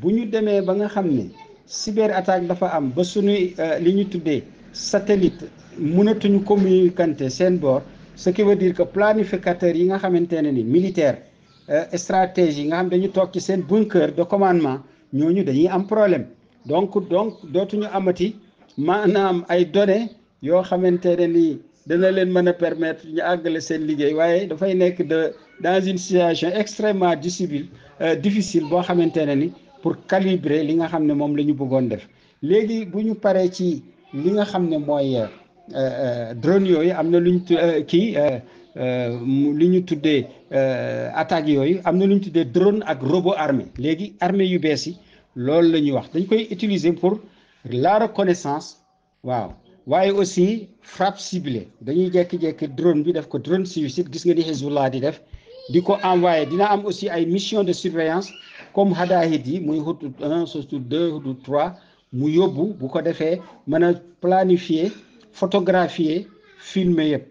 bu ñu demee ba nga xam ne cyber attaque dafa am ba suñuy euh, li ñu tuddee satellite mënatuñu communiquer seen boor ce qui que planificateur yi nga xamante ne ni militaire euh, stratégie yi nga xam dañu toog ci seen bunker de commandement ñooñu dañuy am problème donc donc dootuñu amati maanaam ay données yoo xamante ne ni dana leen mën a permettre ñu àggale seen liggéey waaye dafay nekk de dans une situation extrêmement euh, difficile boo xamante ne ni pour calibrer li nga xam ne moom la ñu bëggoon def léegi bu ñu paree ci li nga xam ne mooy euh, euh, drone yooyu am na lu ñu kii li ñu tuddee attaques yooyu am na lu ñu tuddee drone ak robot armé léegi armée yu bees yi loolu la ñuy wax dañ koy utiliser pour la reconnaissance waaw waaye aussi frappe ciblée dañuy jékki-jékki drone bi def ko drone suicide gis nga ni Hezbollah di def di ko envoyé dina am aussi ay mission de surveillance comme Hadahid yi muy Houthi 1 Houthi 2 Houthi 3 mu yóbbu bu ko defee mën a planifier photographier filmer yëpp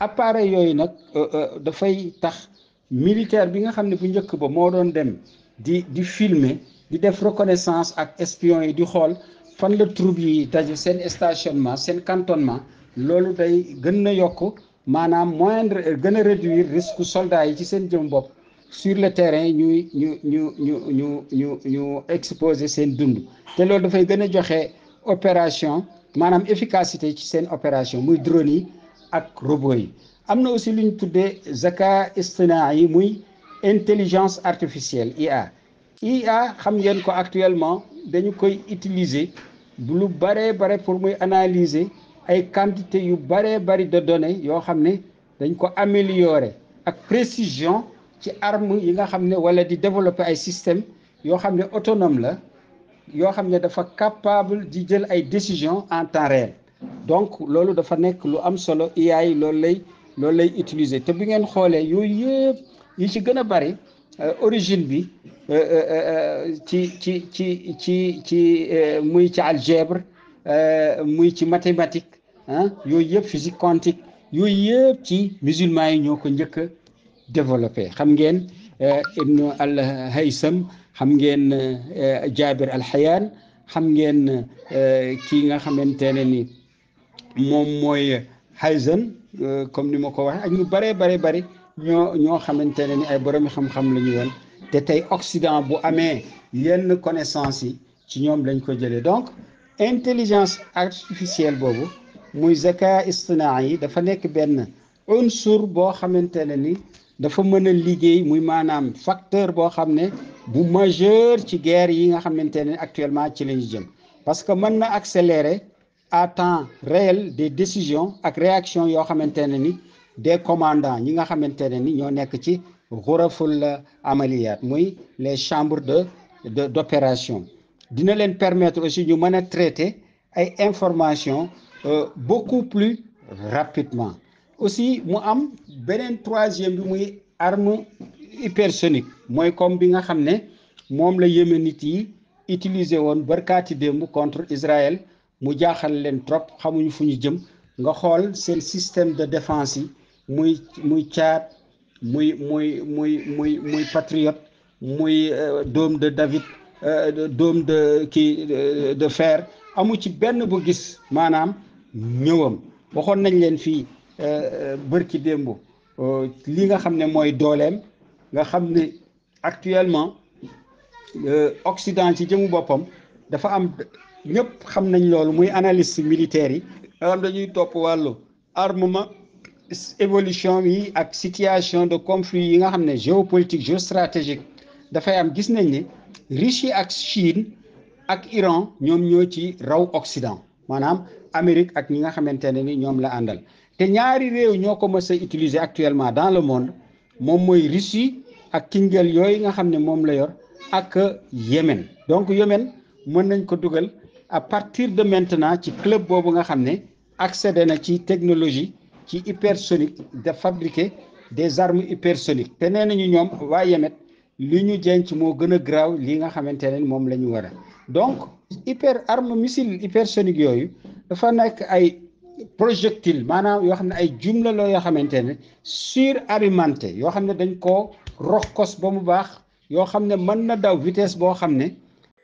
appareil yooyu nag euh, euh, dafay tax militaire bi nga xam ne bu njëkk ba moo doon dem di di filmer di def reconnaissance ak espion yi di xool fan la troupe yi daje seen stationnement seen cantonnement loolu day gën na yokk maanaam moindre gën a réduire risque soldats yi ci seen jëm bopp sur le terrain ñuy ñu ñu ñu ñu ñu ñu exposer seen dund te loolu dafay gën a joxe opération maanaam efficacité ci seen opération muy drone yi ak robot yi am na aussi lu ñu tuddee zaka istinaa yi muy intelligence artificielle IA IA xam ngeen ko actuellement dañu koy utiliser lu baree bare pour muy analyser ay quantité yu baree bari de données yoo xam ne dañ ko améliore ak précision ci arme yi nga xam ne wala di développer ay système yoo xam ne autonome la yoo xam ne dafa capable di jël ay décision en temps réel donc loolu dafa nekk lu am solo AI loolu lay loolu lay utiliser te bi ngeen xoolee yooyu yëpp yi ci gën a bari euh, origine bi Euh, euh, euh, ci ci ci ci ci muy ci algèbre muy ci mathématique ah yooyu yëpp physique quantique yooyu yëpp ci musulman yi ñoo ko njëkk a développé xam ngeen ibnu al haysam xam ngeen jaabir al xayaan xam ngeen kii nga xamante ne ni moom mooy haysan comme ni ma ko waxee ak ñu bare bare bari ñoo ñoo xamante ne ni ay borom xam-xam la ñu te tey Occident bu amee yenn connaissance yi ci ñoom lañ ko jëlee donc intelligence artificielle boobu muy zaka istinaa yi dafa nekk benn unsur boo xamante ne ni dafa mën a liggéey muy maanaam facteur boo xam ne bu majeur ci guerre yi nga xamante ne actuellement ci la jëm parce que mën na accélérer à temps réel des décisions ak réactions yoo xamante ne ni des commandants ñi nga xamante ne ni ñoo nekk ci la amaliyat muy les chambres de de d' opération dina leen permettre aussi ñu mën a traiter ay informations euh, beaucoup plus rapidement aussi mu am beneen troisième bi muy arme hypersonique mooy comme bi nga xam ne moom la yéménite yi utiliser woon barkaati démb contre Israël mu jaaxal leen trop xamuñu fu ñu jëm nga xool seen système de défense yi muy muy caat muy muy muy muy muy patriote muy euh, doom de David euh, doom de kii euh, de fer amu ci benn bu gis maanaam ñëwam waxoon nañ leen fii bërki démb li nga xam ne mooy dooleem nga xam ne actuellement Occident ci jëmu boppam dafa am ñëpp xam nañ loolu muy analyste militaire yi nga xam dañuy topp wàllu armement évolution yi ak situation de conflit yi nga xam ne géopolitique géostratégique dafay am gis nañ ne Russie yi ak Chine ak Iran ñoom ñoo ci raw Occident maanaam Amérique ak ñi nga xamante ne ni ñoom la àndal te ñaari réew ñoo ko mës utiliser actuellement dans le monde moom mooy Russie ak Kingel yooyu nga xam ne moom la yor ak Yémen donc Yémen mën nañ ko dugal à partir de maintenant ci club boobu nga xam ne ak accédé na ci technologie ci hypersonique de fabriquer des armes hypersoniques te nee nañu ñoom waa Yemet li ñu jenc moo gën a graaw li nga xamante moom la ñu war a donc hyper arme missile hypersonique yooyu dafa nekk ay projectile maanaam yoo xam ne ay jumla la yoo xamante ne suralimenté yoo xam ne dañ koo roxkos ba mu baax yoo xam ne mën na daw vitesse boo xam ne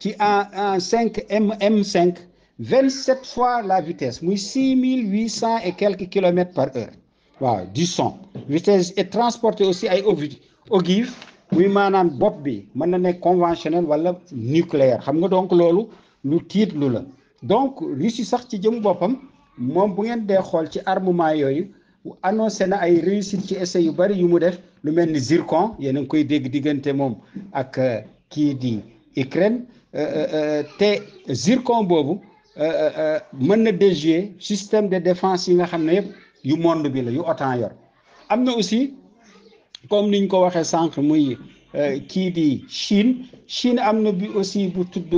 ci en en cinq mm cinq 27 fois la vitesse muy mille 6800 et quelques kilomètres par heure waaw du son vitesse est transporté aussi ay ogive muy maanaam bopp bi mën na nekk conventionnel wala nucléaire xam nga donc loolu lu tiitlu la donc Russie sax ci jëmu boppam moom bu ngeen dee xool ci armement yooyu annoncé na ay réussite ci essai yu bari yu mu def lu mel ni zircon yéen a ngi koy dégg diggante moom ak euh, kii di Ukraine euh, euh, te zircon boobu. Euh, euh, euh, mën na déjouer système de défense yi nga xam ne yëpp yu monde bi la yu OTAN yor am na aussi comme niñ ko waxee sànq muy kii di Chine Chine am na bi aussi bu tudd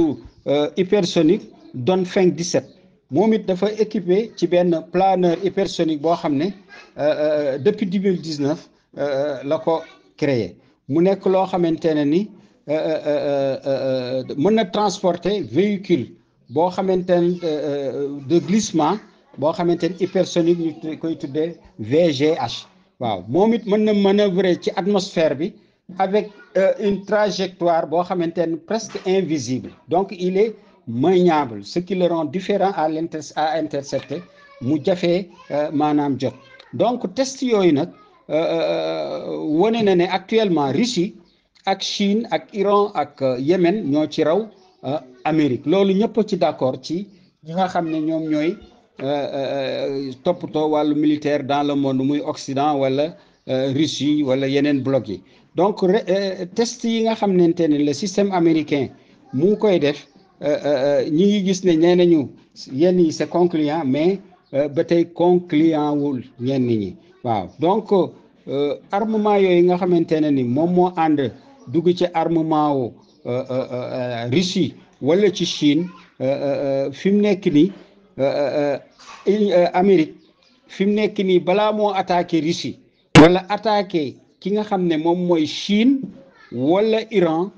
hypersonique Dongfeng 17 moom it dafa équipe ci benn planeur hypersonique boo xam ne depuis 2019 la ko créé mu nekk loo xamante ne ni mën na transporter véhicule boo xamante ne euh, euh, de glissement boo xamante ne hypersonique ñu koy tuddee VGH waaw moom it mën na manœuvrer ci atmosphère bi avec euh, une trajectoire boo xamante ne presque invisible donc il est maniable ce qui le différent à l'inter mu jafe maanaam jot donc test yooyu nag wane na ne actuellement Russie ak Chine ak Iran ak yemen ñoo ci raw Amérique loolu ñëpp ci d'accord ci ñi nga xam ne ñoom ñooy euh, euh, euh, toppatoo wàllu militaire dans le monde muy Occident wala Russie wala yeneen bloc yi donc test yi nga xam ne le système américain mu ngi koy def ñi ngi gis ne ñee nañu yenn yi sa concluant mais ba tey concluant wul ñenn ñi waaw donc armement yooyu nga xamante ne ni moom moo ànd dugg ci armement wu Russie wala ci Chine euh, euh, euh, fi mu nekk nii amerique fi mu nekk nii balaa moo attaque Russie wala attaqué ki nga xam ne moom mooy Chine wala Iran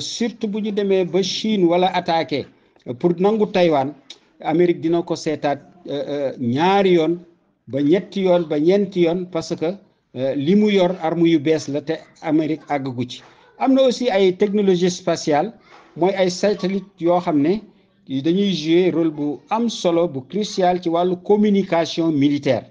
surtout bu ñu demee ba Chine wala attaqué pour nangu Taïwan Amérique dina ko seetaat ñaari yoon ba ñetti yoon ba ñeenti yoon parce que li mu yor armu yu bees la te Amérique àggagu ci am na aussi ay technologie spatiale mooy ay satellite yoo xam ne dañuy jouer rôle bu am solo bu crucial ci wàllu communication militaire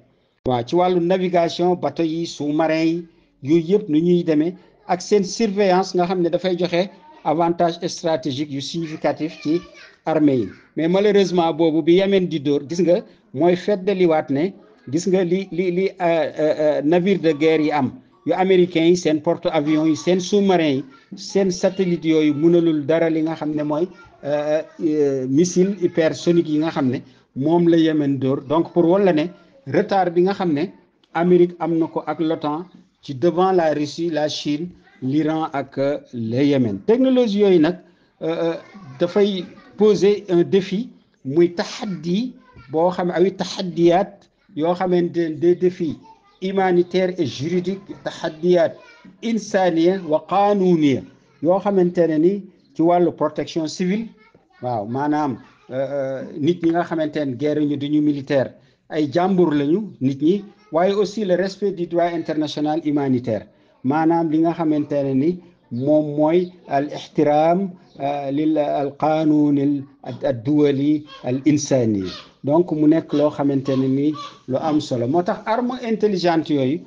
waaw ci wàllu navigation bateau yi sous-marin yi yooyu yëpp nu ñuy demee ak seen surveillance nga xam ne dafay joxe avantage stratégique yu significatif ci armée yi mais malheureusement boobu bi Yémen di dóor gis nga mooy feddaliwaat ne gis nga li li li euh, euh, euh, navire de guerre yi am yu américains yi seen porte avions yi seen sous-marins yi seen satellite yooyu mënalul dara li nga xam ne mooy euh, euh, missile hypersonique yi nga xam ne moom la Yémen door donc pour walla ne retard bi nga xam ne Amérique am na ko ak l'OTAN ci devant la Russie la Chine l'Iran ak euh, le Yémen technologie yooyu nag dafay poser un défi muy taxaddi boo xam ay taxaddiyaat yoo xamante des défis humanitaire et juridique taxaddiyaat insaniya wa qanuniya yoo xamante ne ni ci wàllu protection civile waaw maanaam euh, euh, nit ñi nga xamante ne guerre ñu duñu militaire ay jàmbur lañu nit ñi waaye aussi le respect du droit international humanitaire maanaam li nga xamante ne ni moom mooy al ixtiraam euh, lil al qanun ad duwali al insani donc mu nekk loo xamante lu am solo moo tax arme intelligente yooyu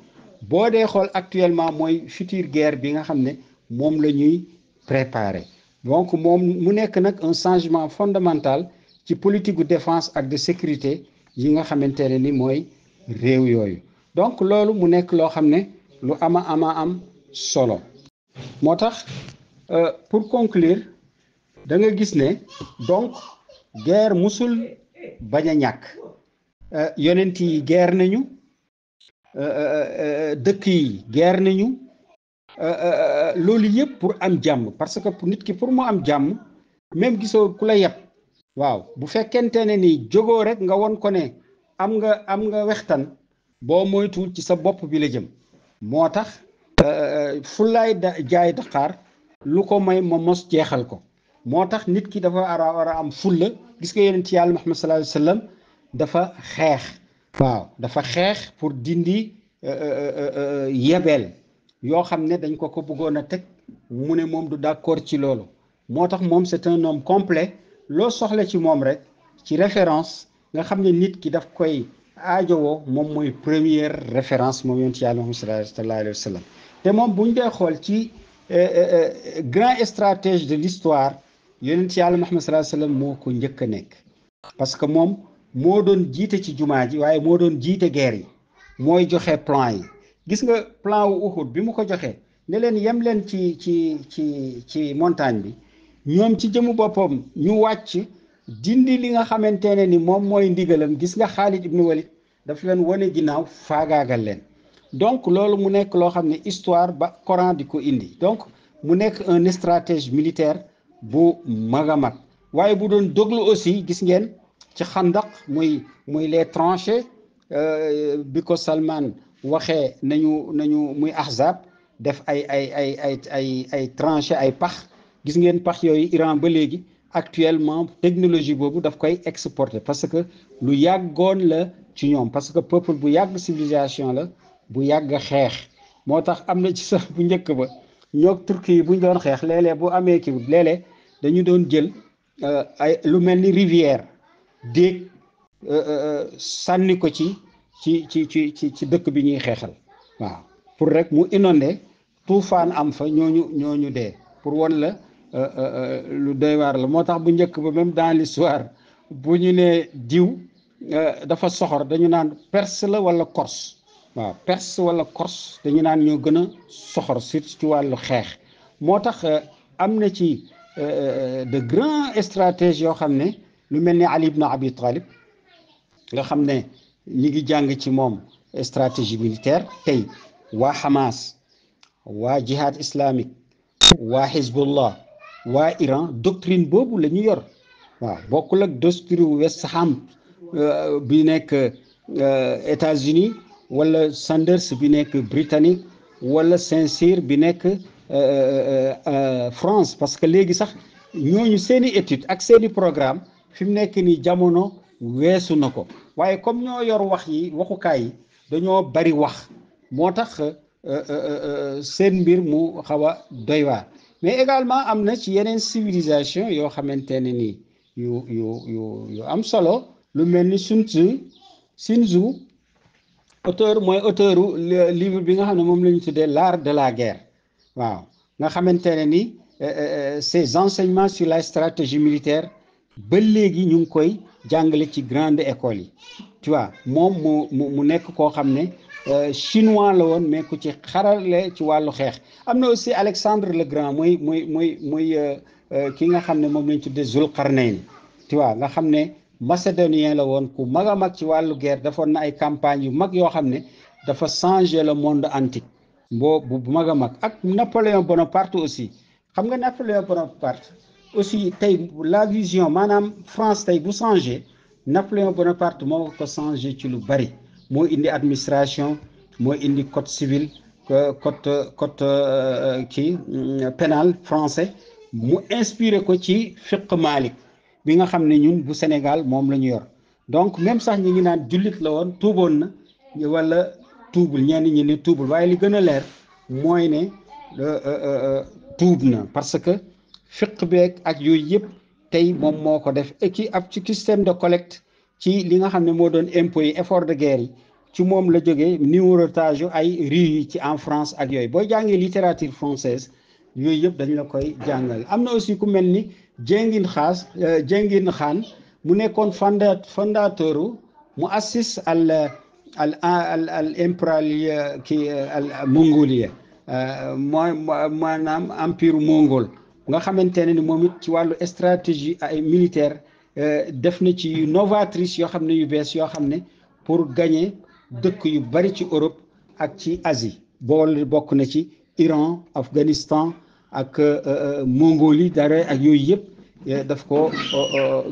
boo dee xool actuellement mooy futir guerre bi nga xam ne moom la ñuy préparer donc moom mu nekk nag un changement fondamental ci politique de défense ak de sécurité yi nga xamante ne ni mooy réew yooyu donc loolu mu nekk loo xam ne lu ama ama am solo moo tax euh, pour conclure da nga gis ne donc guerre musul bañ a ñàkk Euh, yonent yi geer nañu euh, euh, dëkk yi geer nañu loolu yëpp pour am jàmm parce que pour nit ki pour mu am jàmm même gisoo ku la yeb waaw bu fekkente ne ni jógoo rek nga won ko ne am nga am nga wextan boo moytuwul ci sa bopp bi la jëm moo tax fulaay da jaay daqaar lu ko may ma mos jeexal ko moo tax nit ki dafa war a war a am fulla gis nga yonent yàlla Muhammad sallallahu alayhi wa sallam dafa xeex waaw dafa xeex pour dindi euh, euh, euh, yebeel yoo xam ne dañ ko ko bëggoon a teg mu ne moom du d'accord ci loolu moo tax moom c'est un homme complet loo soxla ci moom rek ci référence nga xam ne nit ki daf koy aajo wo moom mooy première référence moom yonent yàlla Muhammad sallallahu alayhi te moom bu ñu dee xool ci grand stratège de l'histoire yonent yàlla Muhammad sallallahu alayhi wa sallam moo ko njëkk a nekk parce que moom moo doon jiite ci jumaa ji waaye moo doon jiite guerre yi mooy joxe plan yi gis nga plan wu Uhud bi mu ko joxee ne leen yem leen ci ci ci ci montagne bi ñoom ci jëmu boppam ñu wàcc dindi li nga xamante ne ni moom mooy ndigalam gis nga Xaalid ibnu Walid daf leen wane ginnaaw faagaagal leen donc loolu mu nekk loo xam ne histoire ba Coran di ko indi donc mu nekk un stratège militaire bu mag a mag waaye bu doon doglu aussi gis ngeen ci xandaq muy muy les tranchées euh, bi ko Salman waxee nañu nañu muy ahzab def ay ay ay ay ay ay tranchées ay pax gis ngeen pax yooyu Iran ba léegi actuellement technologie boobu daf koy exporté parce que lu yàggoon la ci ñoom parce que peuple bu yàgg civilisation la bu yàgg xeex moo tax am na ci sax bu njëkk ba ñoog turki yi buñ doon xeex léeg-léeg bu amee kii léeg dañu doon jël euh, ay lu mel ni rivière déeg euh, euh, euh, sànni ko ci ci ci ci ci ci dëkk bi ñuy xeexal waaw pour rek mu inondé tuufaan am fa ñoo ñu ñoo ñu dee pour won la lu doy la moo tax bu njëkk ba même dans l'histoire bu ñu nee diw dafa soxor dañu naan perse la walla corse waaw perse wala corse dañu naan ñoo gën a soxor surtout ci wàllu xeex moo tax am na ci de grands stratèges yoo xam ne lu mel ni Ali ibn Abi Talib nga xam ne ñi ngi jàng ci moom stratégie militaire tey waa Hamas waa jihad islamique waa Hezbollah waa Iran doctrine boobu la ñu yor waaw bokkul ak doctrine West Ham euh, bi nekk euh, États-Unis wala Sanders bi nekk Britannique wala Saint-Cyr bi nekk euh, France parce que léegi sax ñooñu seeni étude ak seeni programme fi mu nekk nii jamono weesu na ko waaye comme ñoo yor wax yi waxukaay yi dañoo bari wax moo tax euh, euh, euh, seen mbir mu xaw a doy mais également am na ci yeneen civilisation yoo xamante ne nii yu yu yu yu am solo lu mel ni Sun Tzu Sun Tzu auteur mooy auteur livre bi nga xam ne moom la ñu tuddee l'art de la guerre waaw nga xamante ne ni ses enseignements sur la stratégie militaire ba léegi ñu ngi koy jàngale ci grande école yi tu moom mu mu nekk koo xam ne euh, chinois la woon mais ku ci xarale ci wàllu xeex am na aussi Alexandre le Grand mooy mooy mooy mooy euh, euh, ki nga xam ne moom lañ tuddee Zulqarnayn tu tiwa nga xam ne macédonien la woon ku mag a mag ci wàllu guerre defoon na ay campagne yu mag yoo xam ne dafa changer le monde antique boo bu mag a mag ak Napoléon Bonaparte aussi xam nga Napoléon Bonaparte aussi tey la vision maanaam France tey bu changé Napoléon Bonaparte moo ko changé ci lu bari moo indi administration moo indi code civil euh, code code euh, kii euh, pénal français mu inspiré ko ci fiq Malik bi nga xam ne ñun bu Sénégal moom la ñu yor donc même sax ñi ngi naan jullit la woon tuuboon na wala tuubul ñenn ñi ne tuubul waaye li gën a leer mooy ne tuub na parce que fiq beek ak yooyu yëpp tey moom moo ko def et ci ci système de collect ci li nga xam ne moo doon impôt yi effort de guerre yi ci moom la jógee numérotage yu ay rue yi ci en France ak yooyu boo jàngee littérature française yooyu yëpp dañ la koy jàngal am na aussi ku mel ni Jengin Xaas euh, Jengin Xaan mu nekkoon fonda fondateur mu assis al al al al impérial euh, ki euh, al mongolia mooy maanaam empire mongol nga xamante ne ni moom it ci wàllu stratégie ay militaire euh, def na ci novatrice yoo xam ne yu bees yoo xam ne pour gagner dëkk yu bari ci Europe ak ci Asie bool bokk na ci Iran Afghanistan ak euh, euh, Mongolie dara ak yooyu yëpp daf ko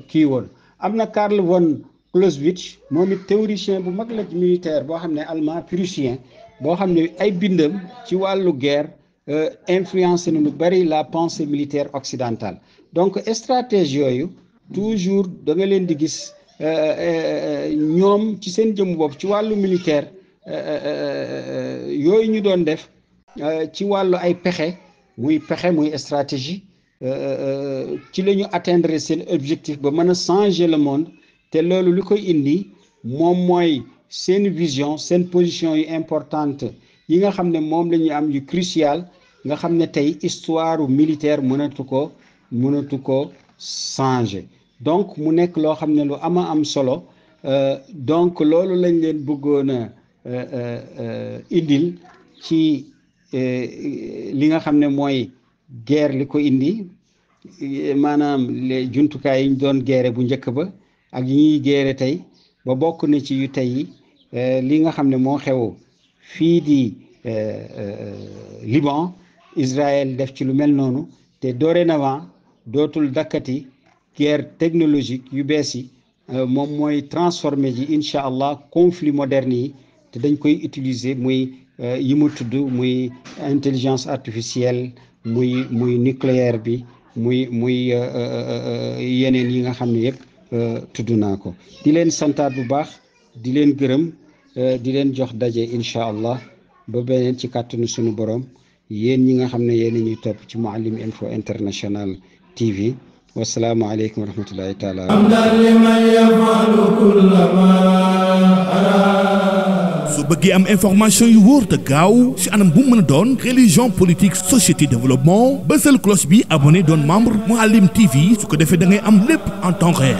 kii woon am na Karl von Clausewitz moom it théoricien bu mag la militaire boo xam ne allemand prussien boo xam ne ay bindam ci wàllu guerre Euh, influencé na lu bari la pensée militaire occidentale donc stratégie yooyu toujours da nga leen di gis euh, euh, ñoom ci seen jëmm bopp ci wàllu militaire yooyu ñu doon def ci wàllu ay pexe muy pexe muy stratégie ci la ñu atteindre seen objectif ba mën a changer le monde te loolu li koy indi moom mooy seen vision seen position yi importante yi nga xam ne moom la ñuy am yu crucial nga xam ne tey histoire militaire mënatu ko mënatu ko changer donc mu nekk loo xam ne lu ama am solo euh, donc loolu lañ leen bëggoon a euh, euh, indil ci li nga xam ne mooy guerre li ko indi maanaam les jumtukaay yi doon guerre bu njëkk ba ak yi ñuy tey ba bokk na ci yu tey li nga xam ne moo xew fii di Liban Israël def ci lu mel noonu te dorénavant dootul dakkati guerre technologique yu bees yi euh, moom mooy transformé ji incha allah conflit moderne yi te dañ koy utiliser muy euh, yi mu tudd muy intelligence artificielle muy muy nucléaire bi muy muy euh, yeneen yi nga xam ne yëpp tudd naa ko di leen santaat bu baax di leen gërëm di leen jox daje incha allah ba beneen ci kàttanu sunu borom. yéen ñi nga xam ne yéen ñuy topp ci Mouhalim Info International TV wasalaamu aleykum wa rahmatullahi taala su bëggee am information yu wóor te gaaw si anam bu mën a doon religion politique société développement bësal cloche bi abonné doon membre mu Mouhalim TV su ko defee dangay am lépp en temps réel